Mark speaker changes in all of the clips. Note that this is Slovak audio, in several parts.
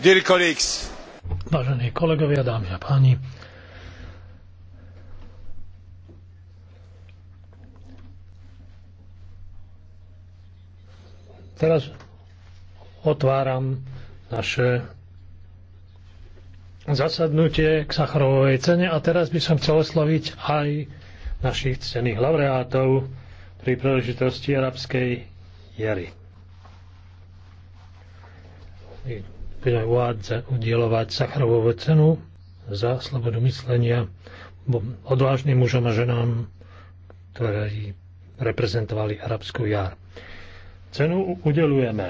Speaker 1: Dear colleagues. Vážení kolegovia, dámy a páni, teraz otváram naše zasadnutie k Sacharovej cene a teraz by som chcel osloviť aj našich cených laureátov pri príležitosti arabskej jary teda udielovať Sacharovovú cenu za slobodu myslenia odvážnym mužom a ženám, ktorí reprezentovali arabskú jar. Cenu udelujeme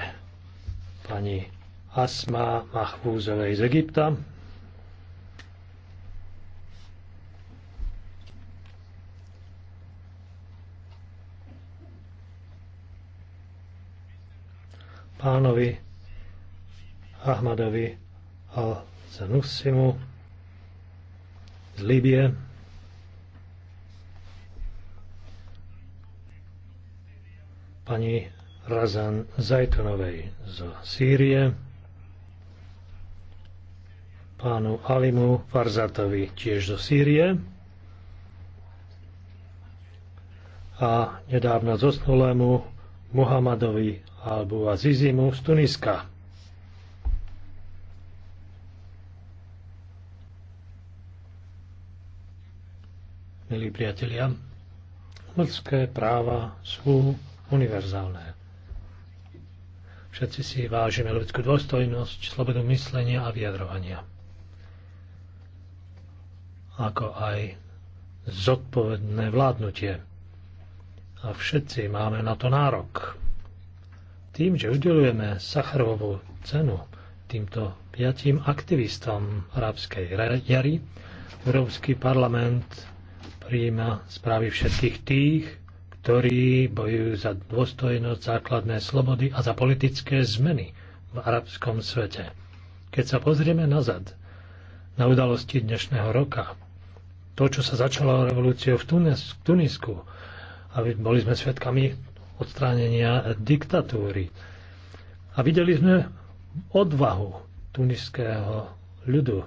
Speaker 1: pani Asma Mahfúzovej z Egypta, pánovi Ahmadovi a Zanussimu z Libie. Pani Razan Zajtonovej z Sýrie. Pánu Alimu Farzatovi tiež zo Sýrie. A nedávno zosnulému Muhammadovi Albu Azizimu z Tuniska. milí priatelia. Ľudské práva sú univerzálne. Všetci si vážime ľudskú dôstojnosť, slobodu myslenia a vyjadrovania. Ako aj zodpovedné vládnutie. A všetci máme na to nárok. Tým, že udelujeme Sacharovú cenu týmto piatim aktivistom arabskej jary, Európsky parlament príjima správy všetkých tých, ktorí bojujú za dôstojnosť, základné slobody a za politické zmeny v arabskom svete. Keď sa pozrieme nazad na udalosti dnešného roka, to, čo sa začalo revolúciou v, v Tunisku, aby boli sme svetkami odstránenia diktatúry. A videli sme odvahu tuniského ľudu.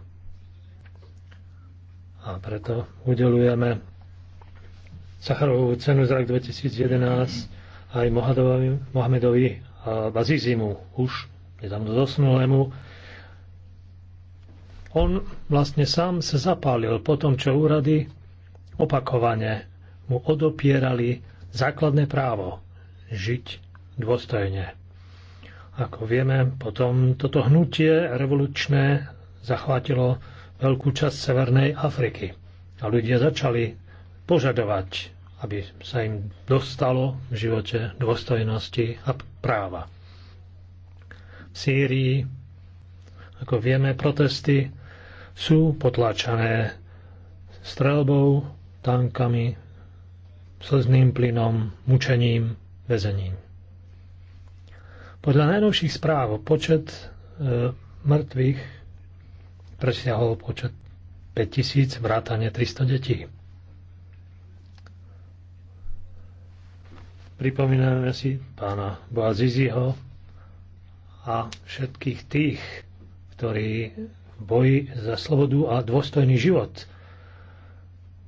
Speaker 1: A preto udelujeme Sacharovú cenu za rok 2011 aj Mohamedovi Bazizimu, už nedávno zosnulému. On vlastne sám sa zapálil po tom, čo úrady opakovane mu odopierali základné právo žiť dôstojne. Ako vieme, potom toto hnutie revolučné zachvátilo veľkú časť Severnej Afriky a ľudia začali požadovať, aby sa im dostalo v živote dôstojnosti a práva. V Sýrii, ako vieme, protesty sú potláčané strelbou, tankami, slzným plynom, mučením, väzením. Podľa najnovších správ počet e, mŕtvych presiahol počet 5000 vrátane 300 detí. Pripomíname si pána Boaziziho a všetkých tých, ktorí v boji za slobodu a dôstojný život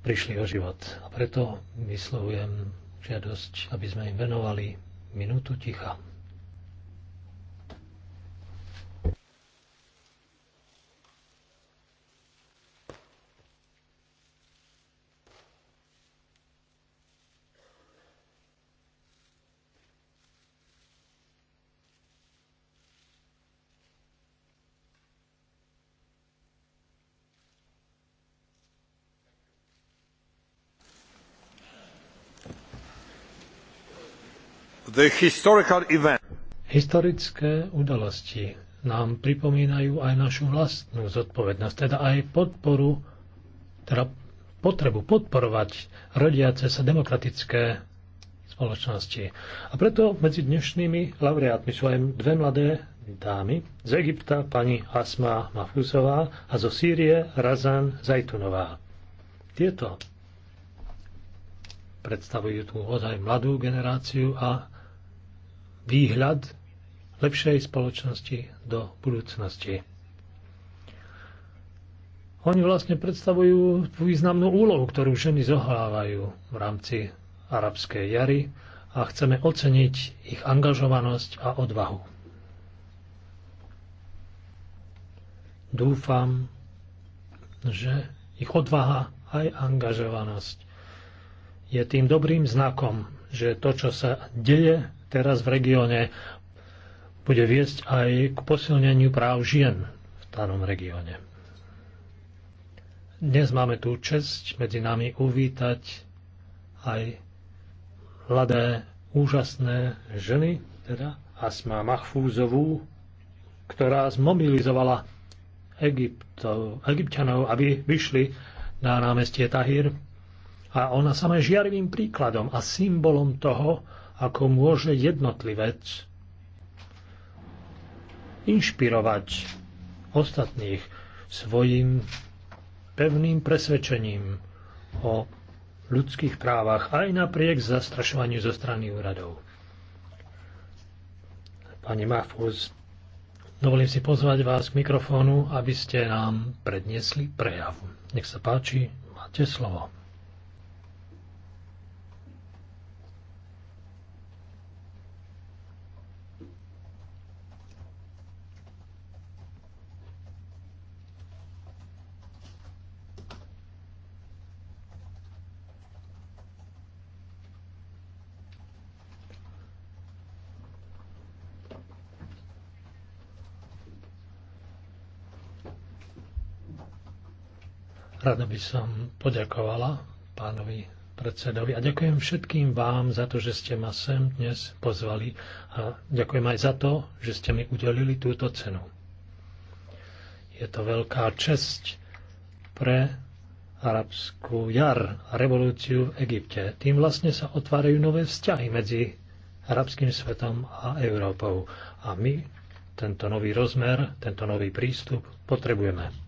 Speaker 1: prišli o život. A preto vyslovujem žiadosť, aby sme im venovali minútu ticha. Historické udalosti nám pripomínajú aj našu vlastnú zodpovednosť, teda aj podporu, teda potrebu podporovať rodiace sa demokratické spoločnosti. A preto medzi dnešnými laureátmi sú aj dve mladé dámy. Z Egypta pani Asma Mafusová a zo Sýrie Razan Zajtunová. Tieto predstavujú tú ozaj mladú generáciu a výhľad lepšej spoločnosti do budúcnosti. Oni vlastne predstavujú významnú úlohu, ktorú ženy zohrávajú v rámci arabskej jary a chceme oceniť ich angažovanosť a odvahu. Dúfam, že ich odvaha aj angažovanosť je tým dobrým znakom, že to, čo sa deje teraz v regióne bude viesť aj k posilneniu práv žien v danom regióne. Dnes máme tú čest medzi nami uvítať aj mladé, úžasné ženy, teda Asma Machfúzovú, ktorá zmobilizovala Egyptianov, aby vyšli na námestie Tahir. A ona sama je žiarivým príkladom a symbolom toho, ako môže jednotlivec inšpirovať ostatných svojim pevným presvedčením o ľudských právach aj napriek zastrašovaniu zo strany úradov. Pani Mahfuz, dovolím si pozvať vás k mikrofónu, aby ste nám predniesli prejav. Nech sa páči, máte slovo. Rada by som poďakovala pánovi predsedovi a ďakujem všetkým vám za to, že ste ma sem dnes pozvali a ďakujem aj za to, že ste mi udelili túto cenu. Je to veľká česť pre arabskú jar a revolúciu v Egypte. Tým vlastne sa otvárajú nové vzťahy medzi arabským svetom a Európou. A my tento nový rozmer, tento nový prístup potrebujeme.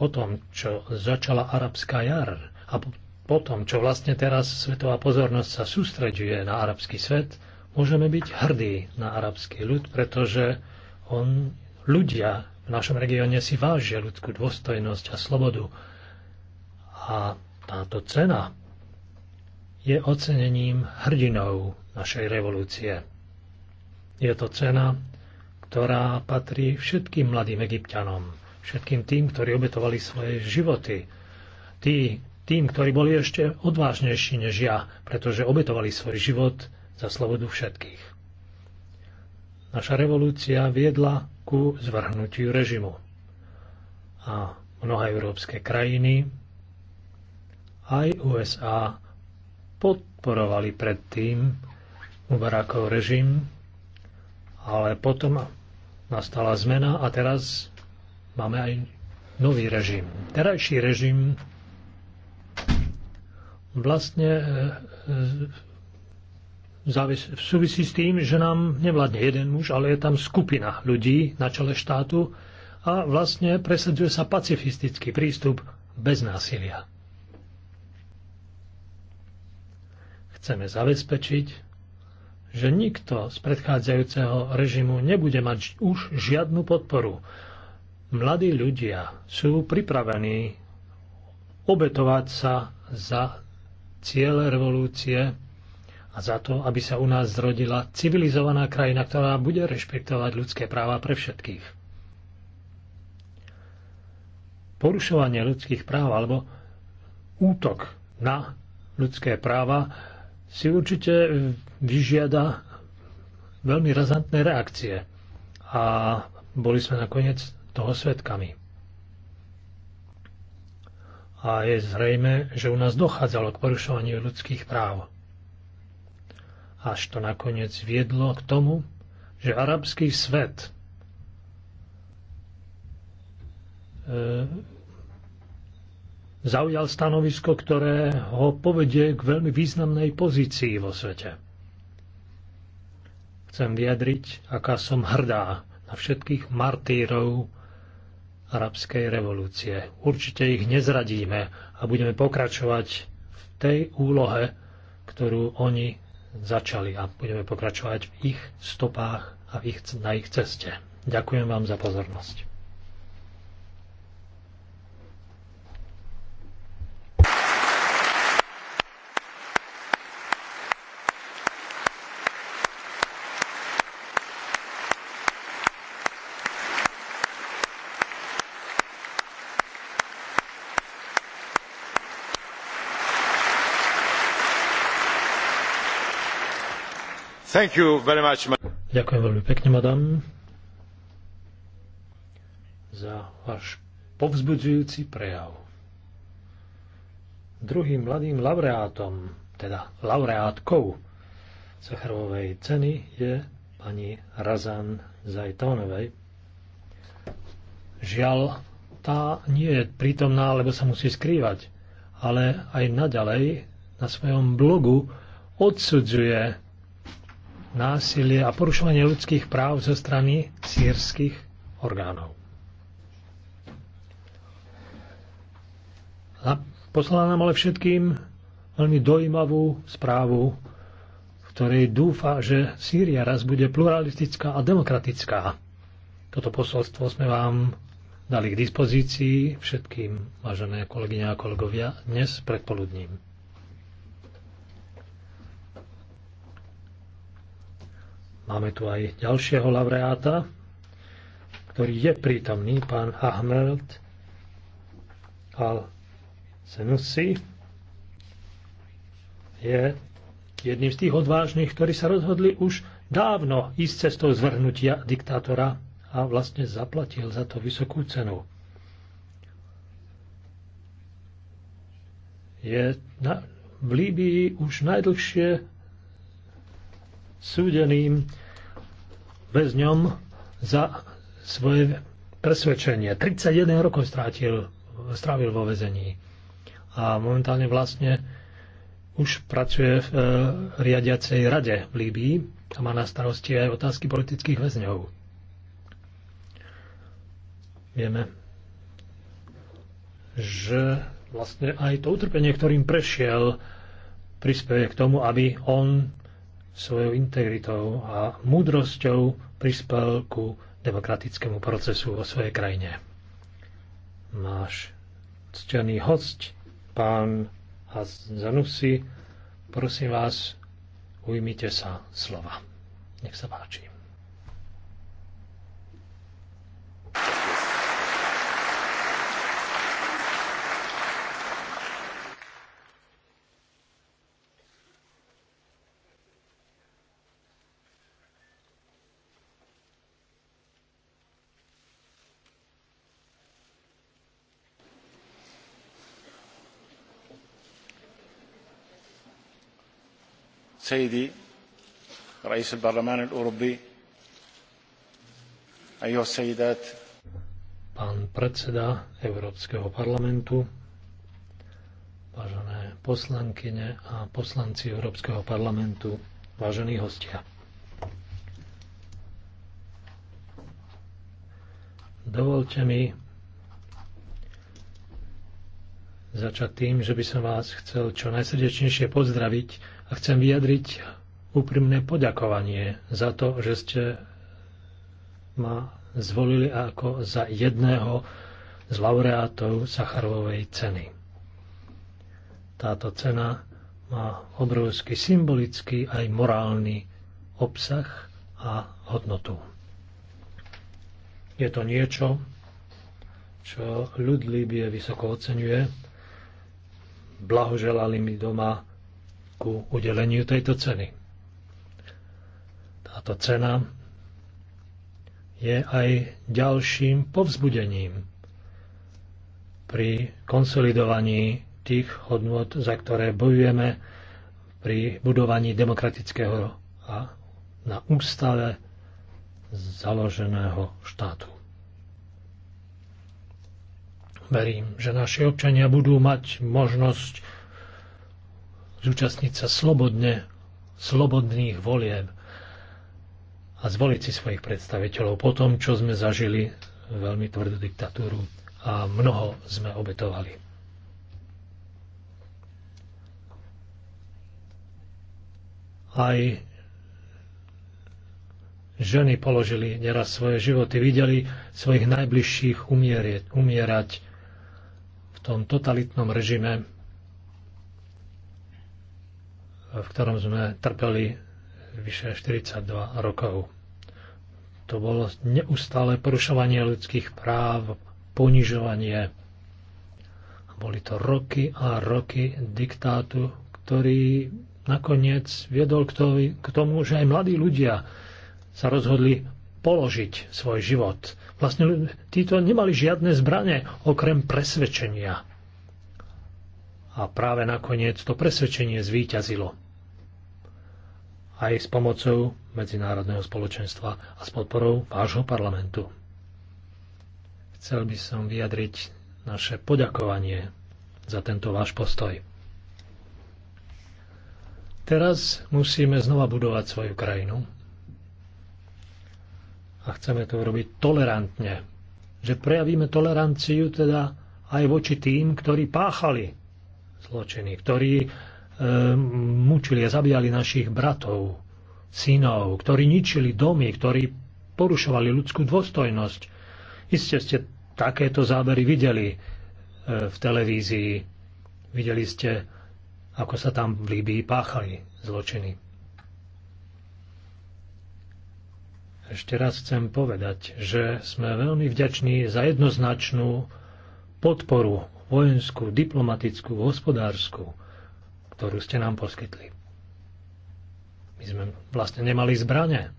Speaker 1: potom, tom, čo začala arabská jar a po tom, čo vlastne teraz svetová pozornosť sa sústreďuje na arabský svet, môžeme byť hrdí na arabský ľud, pretože on, ľudia v našom regióne si vážia ľudskú dôstojnosť a slobodu. A táto cena je ocenením hrdinov našej revolúcie. Je to cena, ktorá patrí všetkým mladým egyptianom všetkým tým, ktorí obetovali svoje životy. Tí, tým, ktorí boli ešte odvážnejší než ja, pretože obetovali svoj život za slobodu všetkých. Naša revolúcia viedla ku zvrhnutiu režimu. A mnohé európske krajiny, aj USA, podporovali predtým Mubarakov režim, ale potom nastala zmena a teraz máme aj nový režim. Terajší režim vlastne e, e, v súvisí s tým, že nám nevládne jeden muž, ale je tam skupina ľudí na čele štátu a vlastne presadzuje sa pacifistický prístup bez násilia. Chceme zabezpečiť, že nikto z predchádzajúceho režimu nebude mať už žiadnu podporu Mladí ľudia sú pripravení obetovať sa za ciele revolúcie a za to, aby sa u nás zrodila civilizovaná krajina, ktorá bude rešpektovať ľudské práva pre všetkých. Porušovanie ľudských práv alebo útok na ľudské práva si určite vyžiada veľmi razantné reakcie. A boli sme nakoniec toho svetkami. A je zrejme, že u nás dochádzalo k porušovaniu ľudských práv. Až to nakoniec viedlo k tomu, že arabský svet e, zaujal stanovisko, ktoré ho povedie k veľmi významnej pozícii vo svete. Chcem vyjadriť, aká som hrdá na všetkých martírov, arabskej revolúcie. Určite ich nezradíme a budeme pokračovať v tej úlohe, ktorú oni začali a budeme pokračovať v ich stopách a na ich ceste. Ďakujem vám za pozornosť. Ďakujem veľmi pekne, madam, za váš povzbudzujúci prejav. Druhým mladým laureátom, teda laureátkou Sacharovej ceny je pani Razan Zajtónovej. Žiaľ, tá nie je prítomná, lebo sa musí skrývať, ale aj naďalej na svojom blogu odsudzuje násilie a porušovanie ľudských práv zo strany sírskych orgánov. Poslala nám ale všetkým veľmi dojímavú správu, v ktorej dúfa, že Sýria raz bude pluralistická a demokratická. Toto posolstvo sme vám dali k dispozícii všetkým, vážené kolegyne a kolegovia, dnes predpoludním. Máme tu aj ďalšieho laureáta, ktorý je prítomný, pán Ahmed Al-Senussi. Je jedným z tých odvážnych, ktorí sa rozhodli už dávno ísť cestou zvrhnutia diktátora a vlastne zaplatil za to vysokú cenu. Je na, v Líbii už najdlhšie súdeným väzňom za svoje presvedčenie. 31 rokov strátil, strávil vo väzení a momentálne vlastne už pracuje v e, riadiacej rade v Líbii a má na starosti aj otázky politických väzňov. Vieme, že vlastne aj to utrpenie, ktorým prešiel, prispieje k tomu, aby on svojou integritou a múdrosťou prispel ku demokratickému procesu vo svojej krajine. Náš ctený host, pán Hazanusi, prosím vás, ujmite sa slova. Nech sa páči. سيدي رئيس البرلمان الأوروبي أيها السيدات Pán predseda Európskeho parlamentu, vážené poslankyne a poslanci Európskeho parlamentu, vážení hostia. Dovolte mi začať tým, že by som vás chcel čo najsrdečnejšie pozdraviť a chcem vyjadriť úprimné poďakovanie za to, že ste ma zvolili ako za jedného z laureátov Sacharovej ceny. Táto cena má obrovský symbolický aj morálny obsah a hodnotu. Je to niečo, čo ľud Líbie vysoko oceňuje. Blahoželali mi doma ku udeleniu tejto ceny. Táto cena je aj ďalším povzbudením pri konsolidovaní tých hodnot, za ktoré bojujeme pri budovaní demokratického a na ústave založeného štátu. Verím, že naši občania budú mať možnosť zúčastniť sa slobodne slobodných volieb a zvoliť si svojich predstaviteľov po tom, čo sme zažili veľmi tvrdú diktatúru a mnoho sme obetovali. Aj ženy položili neraz svoje životy, videli svojich najbližších umierať v tom totalitnom režime v ktorom sme trpeli vyše 42 rokov. To bolo neustále porušovanie ľudských práv, ponižovanie. Boli to roky a roky diktátu, ktorý nakoniec viedol k tomu, že aj mladí ľudia sa rozhodli položiť svoj život. Vlastne títo nemali žiadne zbranie okrem presvedčenia a práve nakoniec to presvedčenie zvíťazilo. Aj s pomocou medzinárodného spoločenstva a s podporou vášho parlamentu. Chcel by som vyjadriť naše poďakovanie za tento váš postoj. Teraz musíme znova budovať svoju krajinu a chceme to robiť tolerantne. Že prejavíme toleranciu teda aj voči tým, ktorí páchali zločiny, ktorí e, mučili a zabíjali našich bratov, synov, ktorí ničili domy, ktorí porušovali ľudskú dôstojnosť. Isté ste takéto zábery videli e, v televízii. Videli ste, ako sa tam v Líbii páchali zločiny. Ešte raz chcem povedať, že sme veľmi vďační za jednoznačnú podporu vojenskú, diplomatickú, hospodárskú, ktorú ste nám poskytli. My sme vlastne nemali zbranie.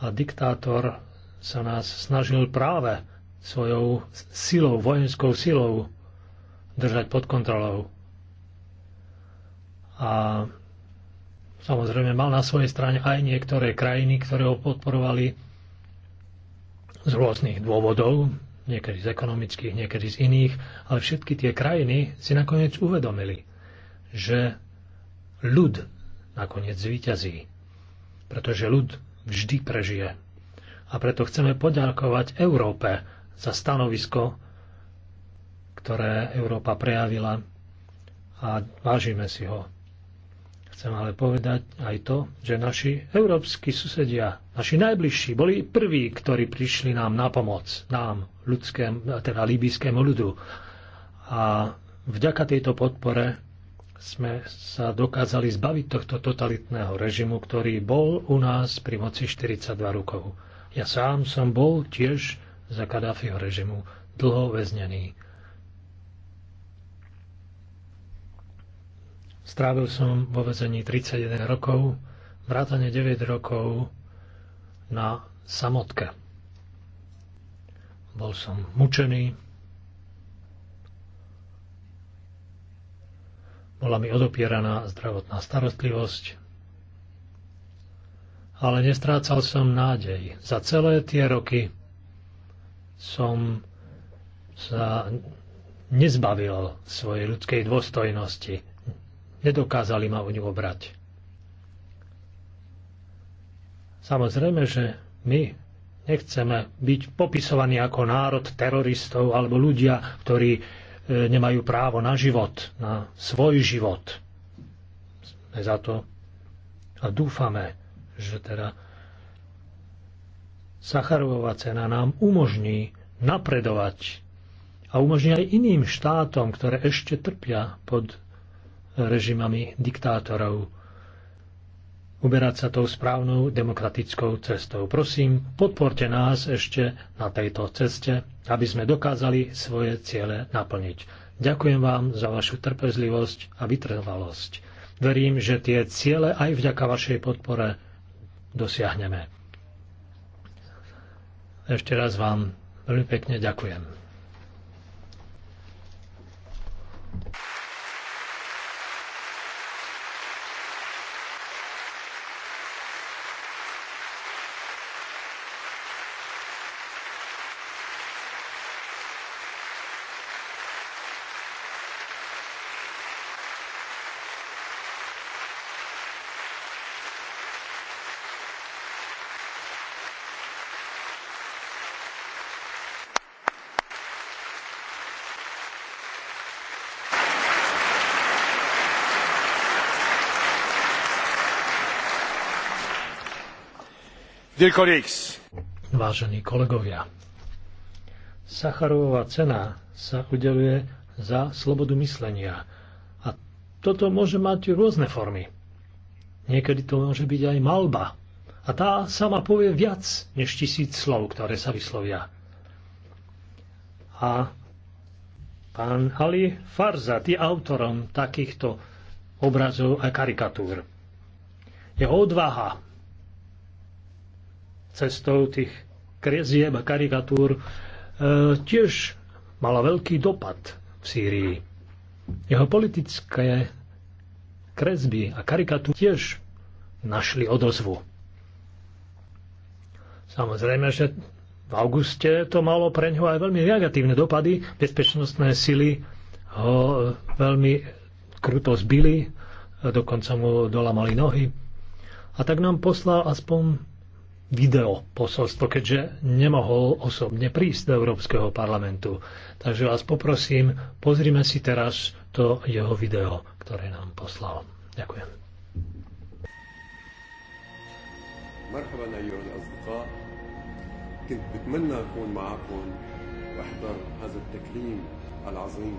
Speaker 1: A diktátor sa nás snažil práve svojou silou, vojenskou silou držať pod kontrolou. A samozrejme mal na svojej strane aj niektoré krajiny, ktoré ho podporovali z rôznych dôvodov, niekedy z ekonomických, niekedy z iných, ale všetky tie krajiny si nakoniec uvedomili, že ľud nakoniec zvíťazí, pretože ľud vždy prežije. A preto chceme poďakovať Európe za stanovisko, ktoré Európa prejavila a vážime si ho. Chcem ale povedať aj to, že naši európsky susedia, naši najbližší, boli prví, ktorí prišli nám na pomoc, nám, ľudskému, teda líbyskému ľudu. A vďaka tejto podpore sme sa dokázali zbaviť tohto totalitného režimu, ktorý bol u nás pri moci 42 rokov. Ja sám som bol tiež za Kadáfiho režimu dlho väznený. Strávil som vo vezení 31 rokov, vrátane 9 rokov na samotke. Bol som mučený, bola mi odopieraná zdravotná starostlivosť, ale nestrácal som nádej. Za celé tie roky som sa nezbavil svojej ľudskej dôstojnosti, Nedokázali ma ňu obrať. Samozrejme, že my nechceme byť popisovaní ako národ teroristov alebo ľudia, ktorí e, nemajú právo na život, na svoj život. Sme za to a dúfame, že teda Sacharová cena nám umožní napredovať a umožní aj iným štátom, ktoré ešte trpia pod režimami diktátorov. Uberať sa tou správnou demokratickou cestou. Prosím, podporte nás ešte na tejto ceste, aby sme dokázali svoje ciele naplniť. Ďakujem vám za vašu trpezlivosť a vytrvalosť. Verím, že tie ciele aj vďaka vašej podpore dosiahneme. Ešte raz vám veľmi pekne ďakujem. Vážení kolegovia, Sacharovová cena sa udeluje za slobodu myslenia. A toto môže mať rôzne formy. Niekedy to môže byť aj malba. A tá sama povie viac než tisíc slov, ktoré sa vyslovia. A pán Ali Farza, je autorom takýchto obrazov a karikatúr. Jeho odvaha cestou tých kreziem a karikatúr, e, tiež mala veľký dopad v Sýrii. Jeho politické kresby a karikatúry tiež našli odozvu. Samozrejme, že v auguste to malo pre ňo aj veľmi negatívne dopady. Bezpečnostné sily ho veľmi kruto zbili, dokonca mu dolamali nohy. A tak nám poslal aspoň video posolstvo, keďže nemohol osobne prísť do Európskeho parlamentu. Takže vás poprosím, pozrime si teraz to jeho video, ktoré nám poslal. Ďakujem. مرحبا أيها الأصدقاء كنت بتمنى أكون معكم وأحضر هذا التكريم العظيم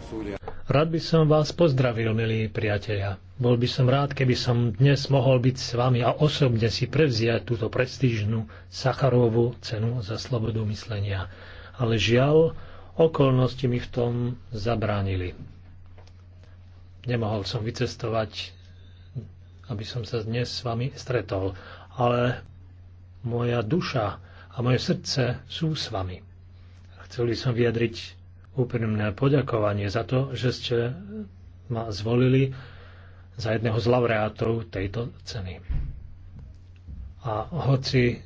Speaker 1: حصولي Rád by som vás pozdravil, milí priatelia. Bol by som rád, keby som dnes mohol byť s vami a osobne si prevziať túto prestížnu Sacharovú cenu za slobodu myslenia. Ale žiaľ, okolnosti mi v tom zabránili. Nemohol som vycestovať, aby som sa dnes s vami stretol, ale moja duša a moje srdce sú s vami. Chcel by som vyjadriť úprimné poďakovanie za to, že ste ma zvolili za jedného z laureátov tejto ceny. A hoci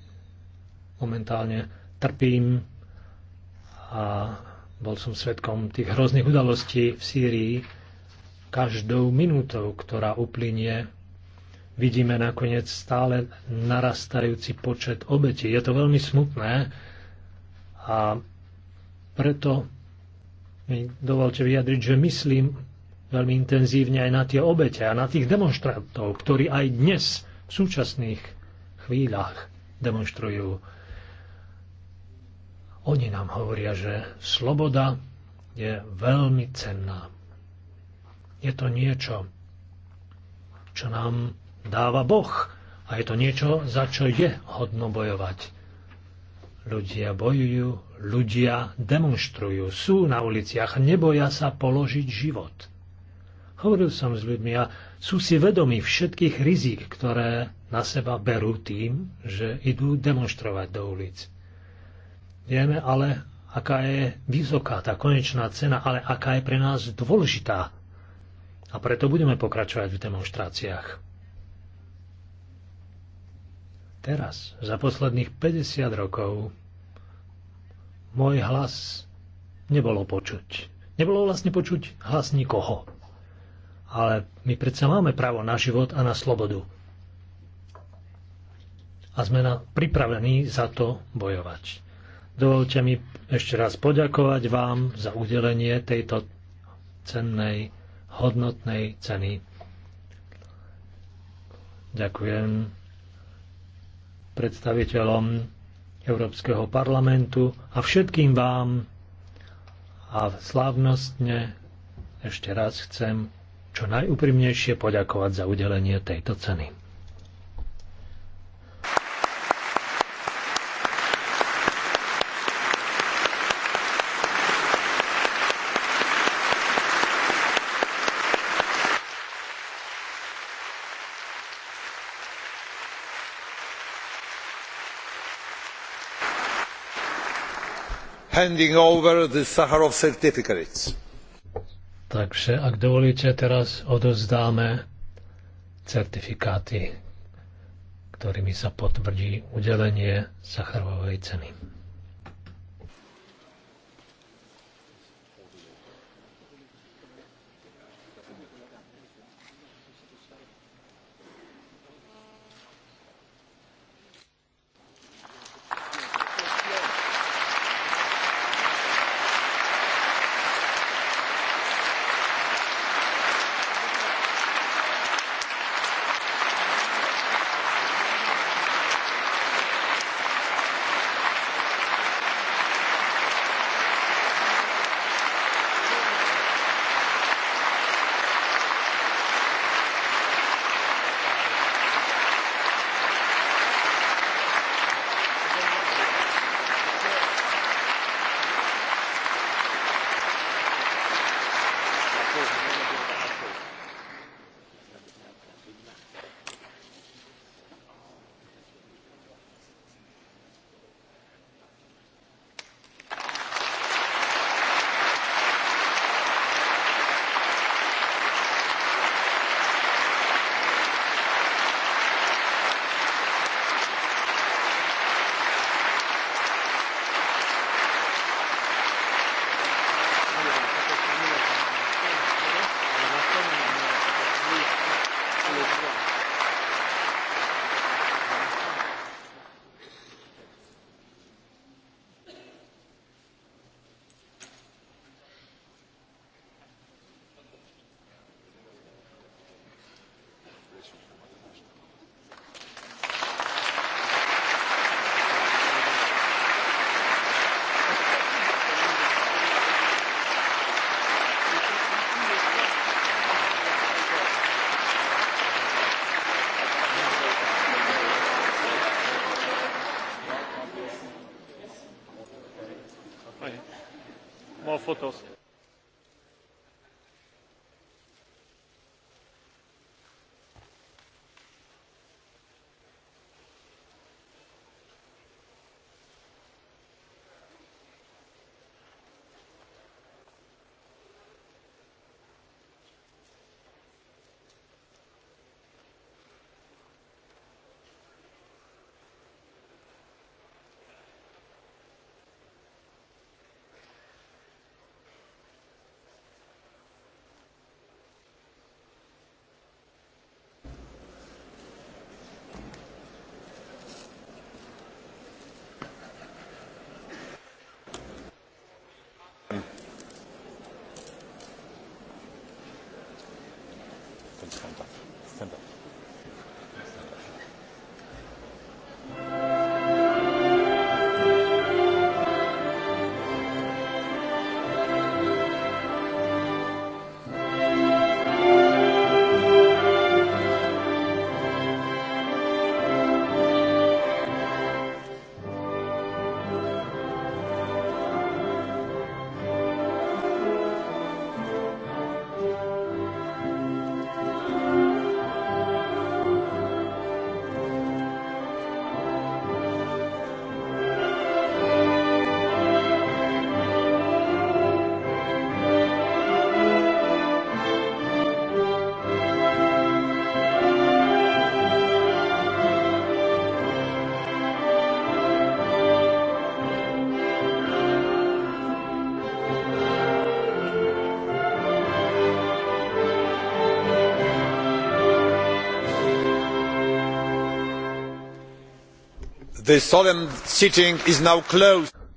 Speaker 1: momentálne trpím a bol som svetkom tých hrozných udalostí v Sýrii, každou minútou, ktorá uplynie, vidíme nakoniec stále narastajúci počet obetí. Je to veľmi smutné a preto mi dovolte vyjadriť, že myslím veľmi intenzívne aj na tie obete a na tých demonstrantov, ktorí aj dnes v súčasných chvíľach demonstrujú. Oni nám hovoria, že sloboda je veľmi cenná. Je to niečo, čo nám dáva Boh a je to niečo, za čo je hodno bojovať. Ľudia bojujú, ľudia demonstrujú, sú na uliciach, neboja sa položiť život. Hovoril som s ľuďmi a sú si vedomi všetkých rizik, ktoré na seba berú tým, že idú demonstrovať do ulic. Vieme ale, aká je vysoká tá konečná cena, ale aká je pre nás dôležitá. A preto budeme pokračovať v demonstráciách. Teraz, za posledných 50 rokov, môj hlas nebolo počuť. Nebolo vlastne počuť hlas nikoho. Ale my predsa máme právo na život a na slobodu. A sme na, pripravení za to bojovať. Dovolte mi ešte raz poďakovať vám za udelenie tejto cennej, hodnotnej ceny.
Speaker 2: Ďakujem
Speaker 1: predstaviteľom Európskeho parlamentu a všetkým vám a slávnostne ešte raz chcem čo najúprimnejšie poďakovať za udelenie tejto ceny. handing over the Sakharov certificates. Takže ak dovolíte, teraz odozdáme certifikáty, ktorými sa potvrdí udelenie Sacharovej ceny. fotos.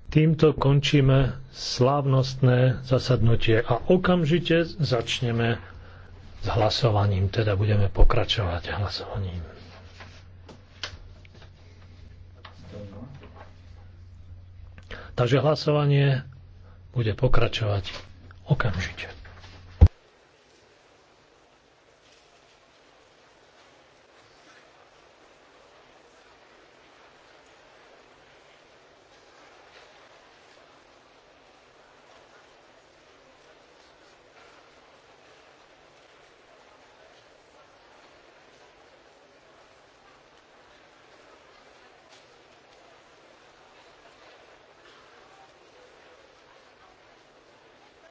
Speaker 1: Týmto končíme slávnostné zasadnutie a okamžite začneme s hlasovaním, teda budeme pokračovať hlasovaním. Takže hlasovanie bude pokračovať okamžite.